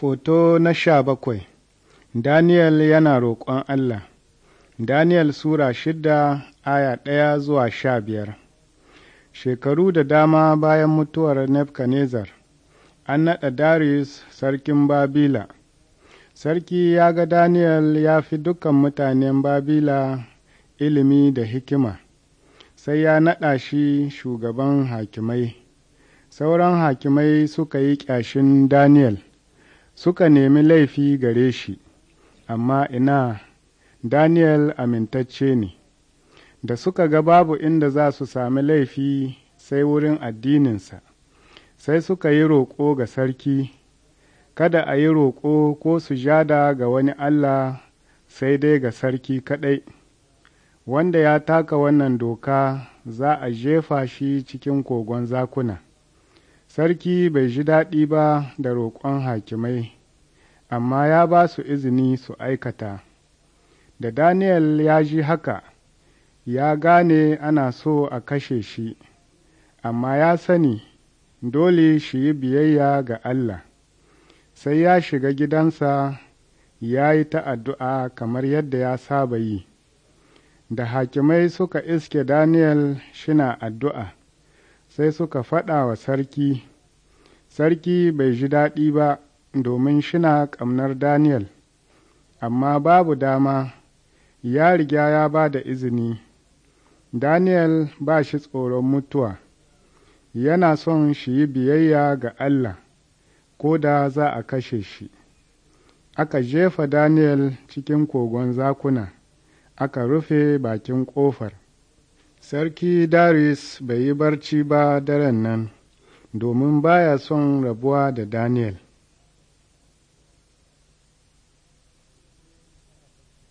Foto na sha bakwai Daniel yana roƙon Allah Daniel Sura shida aya ɗaya zuwa sha biyar Shekaru da dama bayan mutuwar Nebuchadnezzar an naɗa Darius sarkin Babila. Sarki ya ga Daniel ya fi dukkan mutanen Babila ilimi da hikima, sai ya naɗa shi shugaban hakimai. Sauran hakimai suka yi ƙyashin Daniel. suka nemi laifi gare shi amma ina Daniel amintacce ne da suka ga babu inda za su sami laifi sai wurin addininsa sai suka yi roƙo ga sarki kada a yi roƙo ko su jada ga wani Allah sai dai ga sarki kaɗai wanda ya taka wannan doka za a jefa shi cikin kogon zakuna sarki bai ji daɗi ba da roƙon hakimai amma ya ba su izini su aikata da daniel ya ji haka ya gane ana so a kashe shi amma ya sani dole shi yi biyayya ga allah sai ya shiga gidansa ya yi ta addu'a kamar yadda ya saba yi da hakimai suka iske daniel shina addu'a sai suka faɗa wa sarki sarki bai ji daɗi ba domin shina ƙamnar Daniel, amma babu dama ya riga ya ba da izini, Daniel ba shi tsoron mutuwa, yana son shi yi biyayya ga Allah, ko da za a kashe shi. Aka jefa Daniel cikin kogon zakuna, aka rufe bakin ƙofar. sarki darius bai yi barci ba daren nan domin baya son rabuwa da daniel